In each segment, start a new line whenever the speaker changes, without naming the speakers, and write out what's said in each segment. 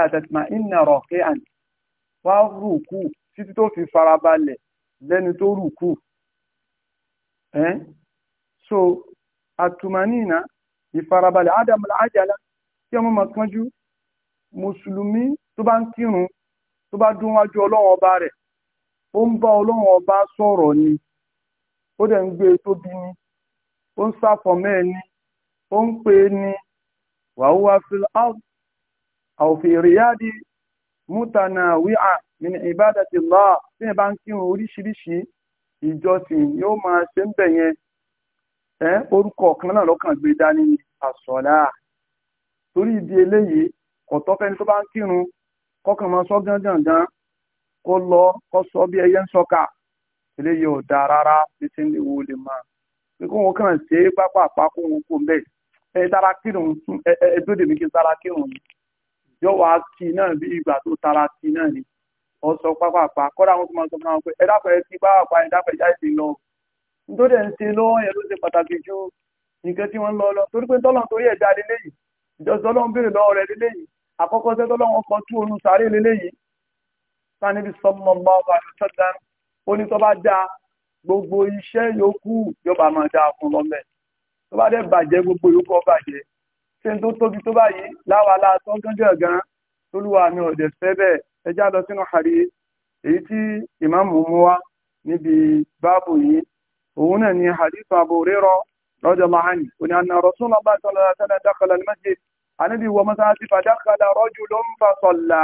hatta tatma'inna raki'an wá rùkú títí tó fi farabalẹ̀ lẹ́ni tó rùkú ẹ́ so àtùmánìna ìfarabalẹ̀ adamul ajala kí ọmọ mọ̀ kánjú mùsùlùmí tó bá ń kírun tó bá dún wájú ọlọ́run ọba rẹ̀ ó ń bá ọlọ́run ọba sọ̀rọ̀ ni ó dẹ̀ ń gbé e tóbi ni ó ń sáfọ̀mẹ́ ni ó ń pè é e ni wàhúwá fil ard أو في رياض متنوعة من عبادة الله tí ẹ bá ń ìjọsìn yóò máa ṣe ń bẹ̀ yẹn ẹ orúkọ kan náà lọ́kàn gbé dání ní torí ìdí eléyìí ọ̀tọ̀ fẹ́ni tó bá ń kírun kọ́kàn máa sọ gángan kó lọ kó sọ bí ẹyẹ ń sọkà eléyìí ò dáa rárá bí ti ń lè wo lè máa pé kó wọn kàn ṣe é pápá àpá kó wọn yóò wá kí náà bí ìgbà tó tara kí náà ni ọ sọ pápápá kọ́dà wọn tó máa sọ fún wọn pé ẹ dápẹ́ ẹ ti pápápá ẹ dápẹ́ jáde ti lọ nítorí ẹ̀ ń ṣe lọ́wọ́ yẹn ló ṣe pàtàkì ju nǹkan tí wọ́n ń lọ lọ torí pé tọ́lọ́n torí ẹ̀ jáde léyìí ìjọsìn ọlọ́run béèrè lọ́wọ́ rẹ̀ léyìí àkọ́kọ́ sẹ́ tọ́lọ́run kan tú oorun sáré léyìí sanibi sọmọ ọmọ ọba àdùsọ́tà ó ní tó bá dáa gbogbo iṣẹ́ yòókù yóò bá máa dáa fún lọ́mẹ́ tó bá dẹ̀ bàjẹ́ gbogbo yòókù ọ bàjẹ́ ṣe tó tóbi tó báyìí láwàlá tó ń kánjọ́ gan tólúwa mi ò dẹ̀ fẹ́ bẹ́ẹ̀ ẹjá lọ sínú àrí èyí tí ìmáàmù mú wá níbi báàbù yìí òun náà ni hadith Abu Huraira radiyallahu anhu òní àna Rasulullah sallallahu alaihi wasallam dakhala al-masjid àníbi wọ mọ́sálásí fadakhala rajulun fasalla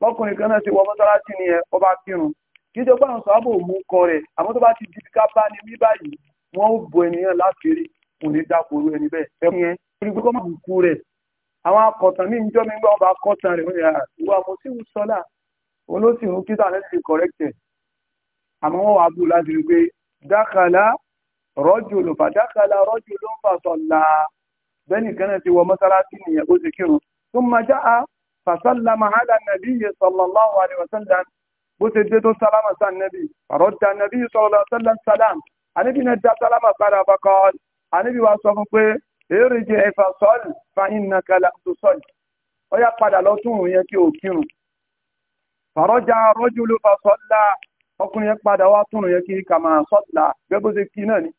mọ́kùnrin kan náà ti wọ mọ́sálásí ni ẹ ọba kírun kí jọba àwọn sọ́ọ́bù mú kọ rẹ̀ àmọ́ tó bá ti di ká bá ní mí báyìí wọ́n ó bo ènìyàn láti rí kò ní dákòrò ẹni bẹ́ẹ̀ ẹ̀kún yẹn orí pé kọ́ máa kú rẹ̀ àwọn akọ̀tàn ní ìjọ́ mi gbọ́ ọba akọ̀tàn rẹ̀ wọ́n yà wà mo sì ń sọ́là olóṣèlú kíta lẹ́sìn ti corrected àmọ́ wọ́n wàá bù láti rí pé dákàlá rọ́jò ló fà dákàlá rọ́jò ló ń fàtọ̀ là bẹ́ẹ̀ni kan náà ti wọ mọ́sálásí nìyẹn ó ti kírun tó máa já a fàṣálà mahala nàbí yẹ sallallahu alaihi wasallam bó àníbi wa sọ fún pé èrè jẹ ẹ̀fà sọ́ọ̀lù fàyín na kàlà tó sọ́ọ̀lù ó yá padà lọ tún òun yẹn kí o kírun fàrọ́jà rọ́jú ló fà sọ́ọ̀lá ọkùnrin yẹn padà wá tún òun yẹn kí kàmà sọ́ọ̀lá bẹ́ẹ̀ bó ṣe kí náà ni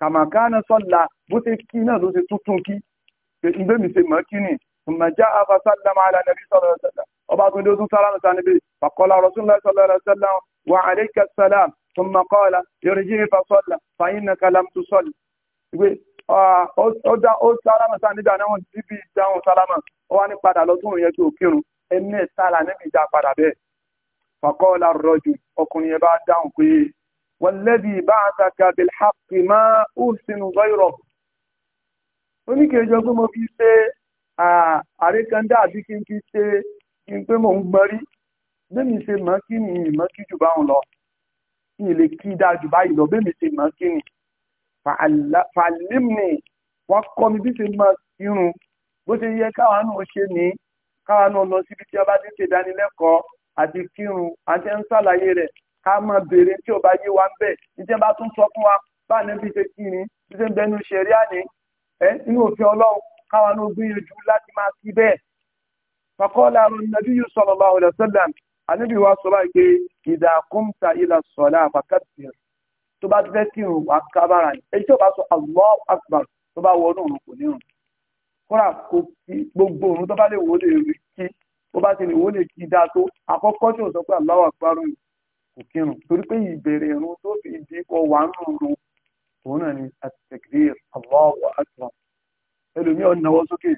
kàmà kánà sọ́ọ̀lá bó ṣe kí náà ló ṣe tuntun kí ìgbé mi ṣe mọ́ kí ni ìmọ̀já afasálàmà alànàbí sọ̀rọ̀ sọ̀lá ọba tó ń dé tún sálámù ìwé ah, ó sálámà sáà nígbà náà wọ́n ti bí ìdáhùn sálámà ó wá ní padà lọ́dún yẹn tó kírun ẹni ẹ̀ sára níbi ìjà padà bẹ́ẹ̀ fàkọ́ọ̀lá rọ̀jù ọkùnrin yẹn bá dáhùn pé wọ́n lẹ́bi bá a ta ka bil haqqi máa ó sinú lọ́yọ̀rọ̀ oníkejì ọgbọ́n mo fi ṣe àrékandá àbí kí n fi ṣe kí n pé mò ń gbọ́rí bẹ́ẹ̀ mi ṣe mọ́ kí ni ìmọ̀ kí jù báwọn lọ kí n lè kí dáa jù báyìí lọ bẹ́ẹ̀ mi ṣe mọ́ kí ni fàálímì wọ́n kọ́ mi bí ṣe máa irun bó ṣe yẹ káwọn náà ṣe ní káwọn náà lọ síbi tí ọba ti ṣe ìdánilẹ́kọ̀ọ́ àti kírun àti ń ṣàlàyé rẹ̀ ká máa béèrè tí ọba yé wa ń bẹ̀ níjẹ́ bá tún sọ fún wa báà ní bí ṣe kírin bí ṣe ń bẹnu ṣẹ̀rí àní ẹ inú òfin ọlọ́run káwọn náà gbìyànjú láti máa sí bẹ́ẹ̀. fàkọ́lá àrùn nàbí yìí sallallahu alaihi wasallam àníbi wa sọ tó bá fẹ́ kírun wà kábàrà ní èyí tó bá sọ Allah akbar tó bá wọnú òun kò ní rùn kóra kò sí gbogbo òun tó bá lè wò lè rí kí tó bá ti lè wò lè kí dáa tó àkọ́kọ́ tí ò sọ pé Allah akbar rùn kò kírun torí pé ìbẹ̀rẹ̀ ìrun tó fi di ọwà ń rùn òun náà ni at-takbir ẹlòmí ọ̀ náwó sókè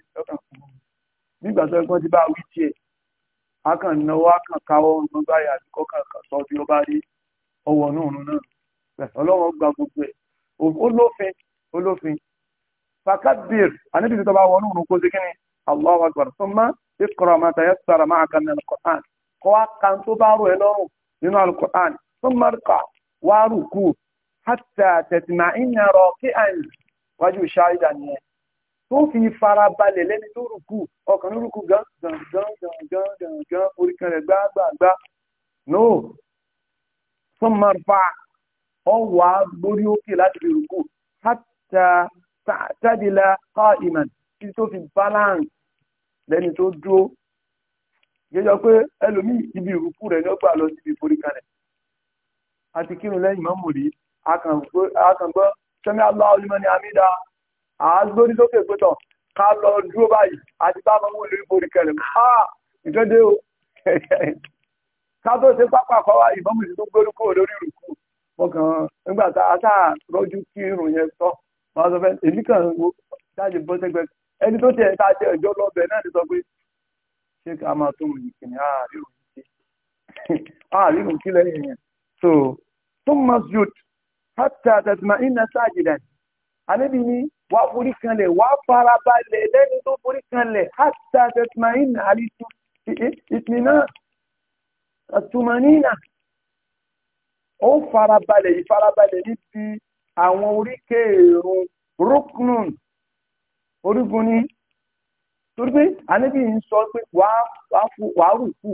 nígbà tó ẹgbọ́n ti bá wí tiẹ̀ akàn náwó akàn káwọ́ ọ̀nà báyà àti kọ́kàn sọ bí ó bá rí ọwọ́ náà náà ọlọ́run gba gbogbo ẹ̀ olófin olófin fakabir anabi tó bá wọnú òun kó sí kíni allahu akbar summa iqra ma tayassara ma'aka min al-Qur'an kọ́ wa kan tó bá rò ẹ lọ́rùn nínú al-Qur'an summa irka' wá rùkú hatta tatma'inna raki'an wájú ṣáàrídà nìyẹn tó fi fara balẹ̀ lẹ́ni tó rùkú ọkàn rùkú gan gan gan orí kan rẹ̀ gbágbàgbá no summa ọ wà lórí òkè láti fi rúkú hátà tàdílà qa'iman kí tó fi balance lẹ́ni tó dúró gẹ́jọ pé ẹlòmí ibi ìrúkú rẹ̀ ní ó gbà lọ síbi ìforí kalẹ̀ àti kírun lẹ́yìn mọ́mù rí akàngbọ́ sẹ́mi Allahu amida, hamida àágbórí lókè pẹ́tọ̀ ká lọ dúró báyìí àti bá mọ́mù lórí ìforí kalẹ̀ ká ìjọ́dé o ká tó ṣe pápá àkọ́wá ìmọ̀mù sí tó gbórúkú lórí ìrúkú ọkàn nígbà tá a sáà rọ́jú kí irun yẹn tọ́ màá sọ fẹ́ èmi kàn wo jáde bọ́ sẹ́gbẹ́ ẹni tó tiẹ̀ ta jẹ́ ọjọ́ lọ́bẹ̀ náà ti sọ pé ṣé ká máa tó rìn kìnnì àárírun kí àárírun kí lẹ́yìn yẹn so tó mọ zut hátà tẹ̀sìmọ̀ iná sáàjìdá àníbi ni wàá forí kanlẹ̀ wàá farabalẹ̀ lẹ́ni tó forí kanlẹ̀ hátà tẹ̀sìmọ̀ iná àlìtú ìtìmínà àtùmọ̀ ó farabalẹ̀ ìfarabalẹ̀ níbi àwọn oríkèé ìrun rúknùn orígun ní torí pé àníbí ń sọ pé wàá rùkù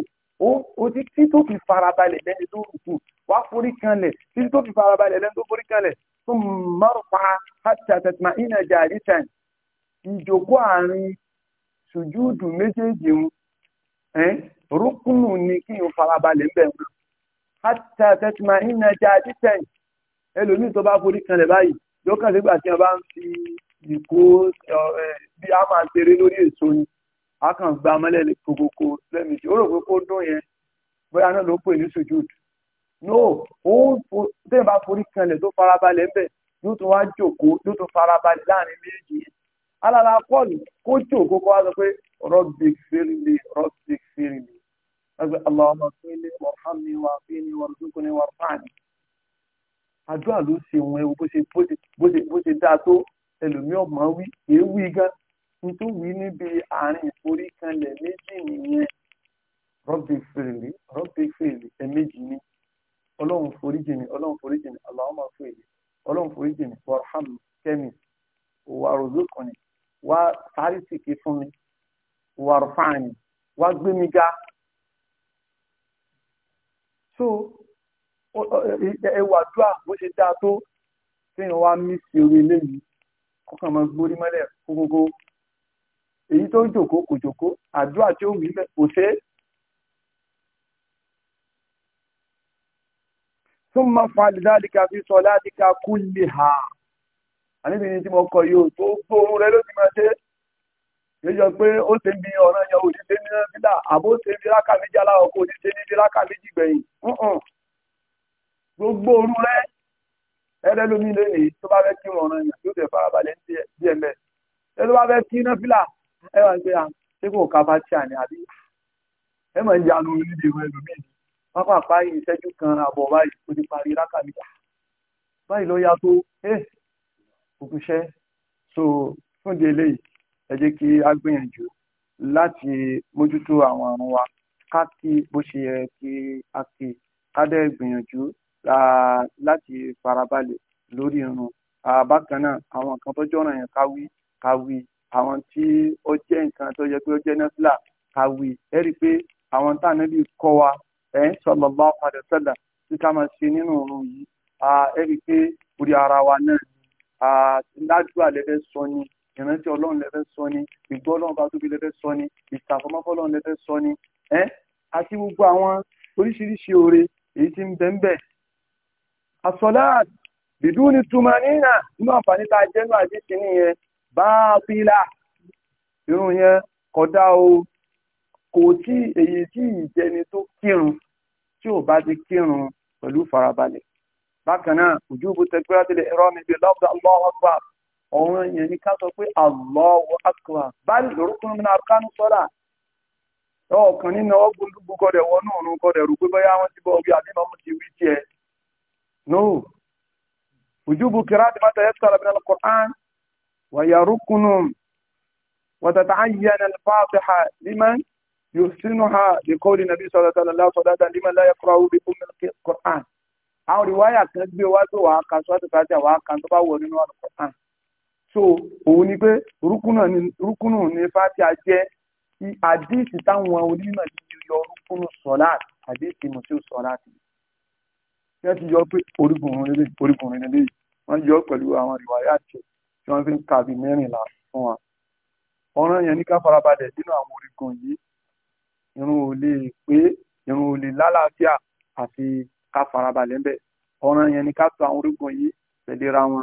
ó ti tí tó fi farabalẹ̀ lẹ́ni tó rùkù wàá forí kanlẹ̀ tí tó fi farabalẹ̀ lẹ́ni tó forí kanlẹ̀ tó márùpa hátàtàtàmà iná jàrí ìjòkó àárín sùjúdù méjèèjì ń ni kí n farabalẹ̀ ń bẹ̀rù hátà tẹ́tìmá iná jà dìtẹ̀n ẹlòmíì tó bá forí kanlẹ̀ báyìí yóò kàn sígbà tí a bá ń fi ìkó bí a máa ṣeré lórí èso ni a kàn gba mọ́lẹ̀ kòkòkò lẹ́mìí tí ó rò pé kó dún yẹn bóyá náà ló pè ní sùjúd no òun tẹ́yìn bá forí kanlẹ̀ tó farabalẹ̀ ń bẹ̀ yóò tún wá jòkó yóò tún farabalẹ̀ láàrin méjì yẹn alára pọ́ọ̀lù kó jòkó kó wá sọ pé rọ́bì fèrèlè rọ́bì fèrèlè ẹgbẹ́ Allahumma ighfir li warhamni wa'afini warzuqni warfa'ni. àdúrà ló ṣe wọn ewu bó ṣe dáa tó ẹlòmíràn máa wí èéwì gan n tó wí níbi àárín ìforíkanlẹ̀ méjì nìyẹn rọ́bì fèrè rọ́bì fèrè ẹ̀mẹ́jì ni ọlọ́run foríjì ni ọlọ́run foríjì ni Allahumma fèrè ọlọ́run foríjì ni warhamni kẹ́mi wà ròzókùnrin wà sárísìkì so e, e, e, ẹwà dúà bó ṣe dáa tó fíyàn wá mí sí orí eléyìí kọkàn mọ gbórí mọ́lẹ̀ kókókó èyí tó jòkó kò jòkó àdúrà tí ó wí bẹ́ẹ̀ kò ṣe é. tún máa fa àdìdáàdìka fi sọ ládìka kú lè hà àníbi ni tí mo kọ yóò tó gbóòórùn rẹ ló ti máa ṣe é yíyọ pé ó ṣe bí ọ̀ràn yẹn ò ní ṣe ní fílà àbó ṣe bí rákà méjì aláwọ̀ kò ní ṣe ní bí rákà méjì gbẹ̀yìn gbogbo òru rẹ ẹ̀rẹ́ lómi lè nìyí tó bá fẹ́ kí wọn ọ̀ràn yẹn yóò tẹ̀ farabalẹ̀ díẹ̀ mẹ́ ẹ tó bá fẹ́ kí iná fílà ẹ wà ń pè à ṣé kò ká fàtíà ni àbí ẹ mọ̀ ń jà lórí níbi ìwé ẹlòmíì pápápá yìí ìṣẹ́jú kan àbọ̀ báyìí ó ti parí rákà méjì báyìí ló yá tó ẹ òkúṣẹ́ eléyìí ẹ jẹ́ kí a gbìyànjú láti mójútó àwọn àrùn wa ká kí bó ṣe yẹ kí a kí ká dẹ̀ gbìyànjú láti farabalẹ̀ lórí irun bákan náà àwọn nǹkan tó jọ̀ràn yẹn ká wí ká wí àwọn tí ó jẹ́ nǹkan tó yẹ pé ó jẹ́ nẹ́fìlà ká wí ẹ rí i pé àwọn tá ànábì kọ́ wa ẹ̀ sallallahu alaihi wasallam tí ká máa ṣe nínú òun yìí ẹ rí i pé orí ara wa náà ládùúgbò àlẹ́fẹ́ sọ ni ìrántí ọlọ́run lẹ́fẹ́ sọ ni ìgbọ́ ọlọ́run bá tóbi lẹ́fẹ́ sọ ni ìtàfọ́mọ́fọ́ ọlọ́run lẹ́fẹ́ sọ ni ẹ́ àti gbogbo àwọn oríṣiríṣi oore èyí tí ń bẹ ń bẹ. àsọlá bìdú ni tuma nínà nínú àǹfààní tá a jẹ́ nínú àdéhìí nìyẹn bá a pílà irun yẹn kódà o kò tí èyí tí ìjẹni tó kírun tí ò bá ti kírun pẹ̀lú farabalẹ̀ bákan náà ojú ibo tẹgbẹ́rẹ́ tẹlẹ ẹ̀rọ mi bíi lọ́pọ̀ ọ̀ràn yẹn ni ká sọ pé Allahu akbar báyìí lórúkún mi náà kánú sọ́là ọ̀kan nínú ọgbùngbù kọ́dẹ̀ wọnú ọ̀run kọ́dẹ̀ rú pé bóyá wọ́n ti bọ́ bí àbínú ọmọ ti wí tiẹ̀ no ojúbù kìrá ti máta yẹ́sùkọ́ àlàbìnrin al-Qur'an wàyà rúkúnù wàtàtà ayyan al-fatiha liman yusinuha li qawli nabi sallallahu alaihi wasallam liman la yaqra'u bi umm al-Qur'an àwọn ìwáyà kan gbé wá tó wàá kan sọ́tù so òun ni pé rúkúnù ní fátíà jẹ́ ti àdíìsì táwọn onímọ̀ ti yọ rúkúnù sọ̀láàt àdíìsì mọ̀ sí sọ̀láàt ṣé ti yọ pé orígun rere orígun rere lè wọ́n yọ pẹ̀lú àwọn ìwàyà àti tí wọ́n fi ń kàbí mẹ́rìnlá fún wa ọ̀ràn yẹn ní ká farabalẹ̀ nínú àwọn orígun yìí irun ò lè pé irun ò lè lálàáfíà àti ká farabalẹ̀ ń bẹ̀ ọ̀ràn yẹn ní ká tò àwọn orígun yìí tẹ̀léra wọn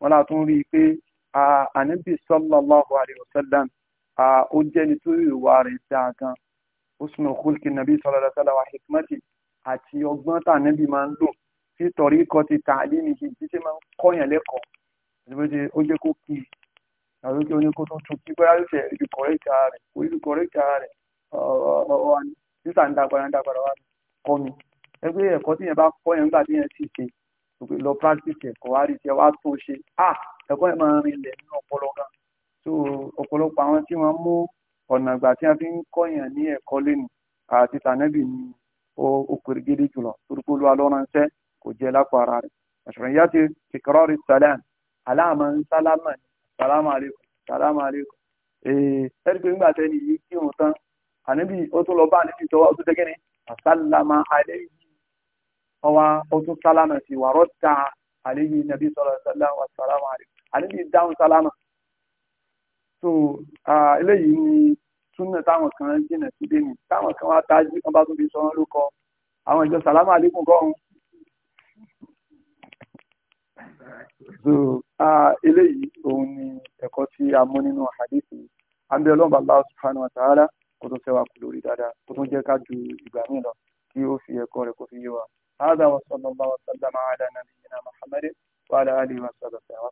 wọ́n láti tún rí i pé ànábì sallallahu alayhi wa sallam ó jẹ́ nítorí ìwà rẹ̀ dáa gan husnu khulqi nàbí sallallahu alayhi wa sallam wa hikmati àti ọgbọ́n tá ànábì máa ń lò tí tọ̀rí kọ́ ti tà lé ní ṣe ṣe máa ń kọ́yàn lẹ́kọ̀ọ́ ó jẹ́ kó kí àwọn kí oní kó tó tún kí bóyá yóò ṣe ìlú rẹ̀ kò ìlú rẹ̀ pé lọ practice ẹ̀kọ́ wá rí tiẹ̀ wá tó ṣe à ah! ẹ̀kọ́ ẹ̀ máa rin ilẹ̀ nínú ọpọlọ gan so ọ̀pọ̀lọpọ̀ àwọn tí wọ́n mú ọ̀nà ìgbà tí wọ́n fi ń kọ́yàn ní ẹ̀kọ́ lẹ́nu àti tànẹ́bì ni ó pèrè gidi jùlọ torípé olúwa lọ́rọ̀ ńṣẹ́ kò jẹ́ lápò ara rẹ̀ àṣùrẹ̀ yá ti tìkọ́rọ́ rí sàlám aláàmọ́ ń sálámà ní sàlámà àlékún sàlámà àlékún ee ẹ̀rí pé nígbà tẹ́ni yìí kí òun tán àníbi ó tún lọ bá àníbi tọwọ́ ó tún tẹ́gẹ́ni àsálàmà àléyìn ọwá ọtún sálámà sí wàrọ̀ ta àlejò nàbí sọ̀rọ̀ sálá wa sàlámà àlejò àlejò dáhùn sálámà. so eléyìí ni túnmọ̀ táwọn kan jìnà sí dé mi táwọn kan wá tájú kan bá tún fi sọ wọn ló àwọn ìjọ sàlámà àlékún kọ́hún. so eléyìí òun ni ẹ̀kọ́ tí a mú nínú hadith yìí àbí ọlọ́run Allah subhanahu wa ta'ala kó tó fẹ́ wa kú lórí dáadáa kó tó jẹ́ ká ju ìgbà míì lọ kí ó fi ẹ̀kọ́ rẹ̀ kó fi yé wa. هذا وصلى الله وسلم على نبينا محمد وعلى آله وصحبه وسلم